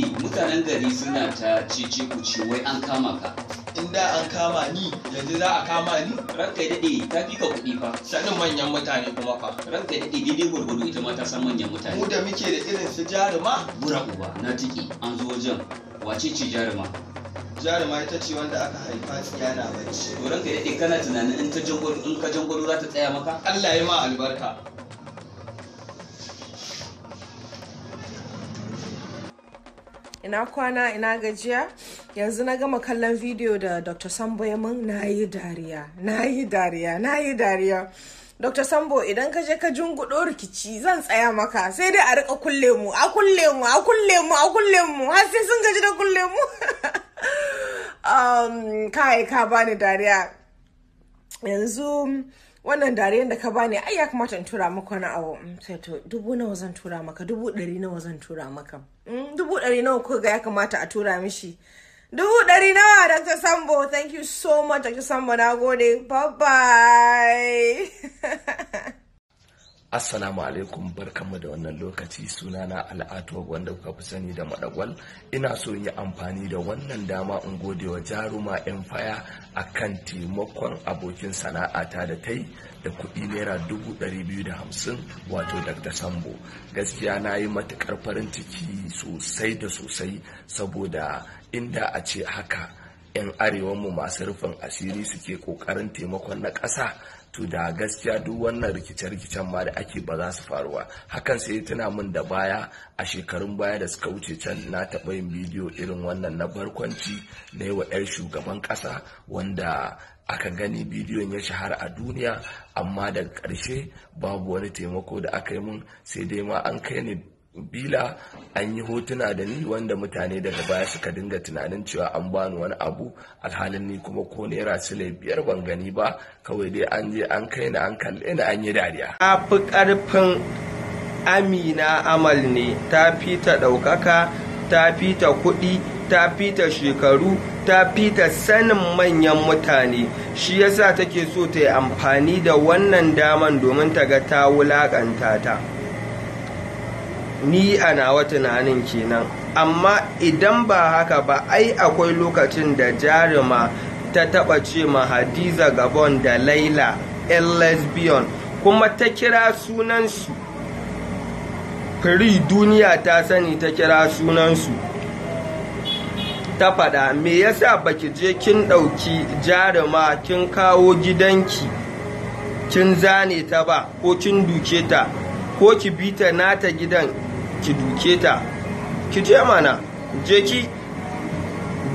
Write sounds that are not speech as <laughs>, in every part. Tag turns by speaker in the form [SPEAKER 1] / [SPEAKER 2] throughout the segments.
[SPEAKER 1] daɗe mutanen gari suna ta cece ku ce wai an kama ka in da an kama ni yanzu za a kama ni ranka ya daɗe ta fi ka kuɗi fa
[SPEAKER 2] sanin manyan mutane kuma fa ranka ya daɗe daidai gwargwado ita ma ta san manyan mutane mu da muke da irin su jaruma bura uba na tiki an zo wajen wace ce jaruma jaruma ita ce wanda aka haifa tsiya na bacci to ranka ya daɗe kana tunanin in ka jangwado in ka jangwado za ta tsaya maka
[SPEAKER 1] Allah ya ma albarka
[SPEAKER 3] ina kwana ina gajiya yanzu na gama kallon video da dr sambo ya mun na yi dariya na yi dariya na yi dariya dr sambo idan ka je ka jungudo rikici zan tsaya maka sai dai a rika kulle mu a kulle mu a kulle mu a kulle mu har sai sun gaji da kulle mu <laughs> um kai ka bani dariya yanzu wannan dariyar da ka bani ai ya kamata in tura maka wani abu mm, sai to dubu nawa zan tura maka dubu ɗari nawa zan tura maka mm, dubu ɗari nawa ko ga ya kamata a tura mishi dubu ɗari nawa Dr. Sambo thank you so much Dr. Sambo na gode bye bye
[SPEAKER 1] <laughs> Assalamu alaikum barkanmu da wannan lokaci sunana al'ato wanda kuka fi sani da madagwal ina so yi amfani da wannan dama in gode wa jaruma a kan taimakon abokin sana'a ta da ta yi da kuɗi naira dubu ɗari biyu da hamsin wato dr sambo gaskiya na yi matuƙar farin ciki sosai da sosai saboda inda a ce haka 'yan arewanmu masu rufin asiri suke kokarin taimakon na ƙasa to da gaskiya duk wannan rikice-rikicen ma da ake ba za su faruwa hakan sai tuna min da baya a shekarun baya da suka wuce can na taɓa yin bidiyo irin wannan na barkwanci na yi wa 'yar shugaban ƙasa wanda aka gani bidiyon ya shahara a duniya amma daga ƙarshe babu wani taimako da aka yi mun sai dai ma an kai ni bila an yi hotuna da ni wanda mutane daga baya suka dinga tunanin cewa an bani wani abu alhalin ni kuma ko naira sile biyar ban gani ba kawai dai an je an kai na an kalle na an yi dariya a fi karfin amina amal ne ta
[SPEAKER 2] fi ta ɗaukaka ta fi ta kuɗi ta fi ta shekaru ta fi ta sanin manyan mutane shi yasa take so ta yi amfani da wannan daman domin ta ga ta wulaƙanta ta ni a nawa tunanin kenan amma idan ba haka ba ai akwai lokacin da jarima ta taba ce ma hadiza gabon da laila yan lesbian kuma ta kira sunansu firi duniya ta sani ta kira sunansu ta faɗa me yasa baki je kin ɗauki jarima kin kawo gidanki kin zane ta ba ko kin duke ta ko ki bi ta nata gidan ki duke ta ki je mana je ki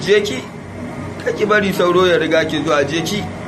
[SPEAKER 2] je ki kaki bari sauro ya riga ki zuwa je ki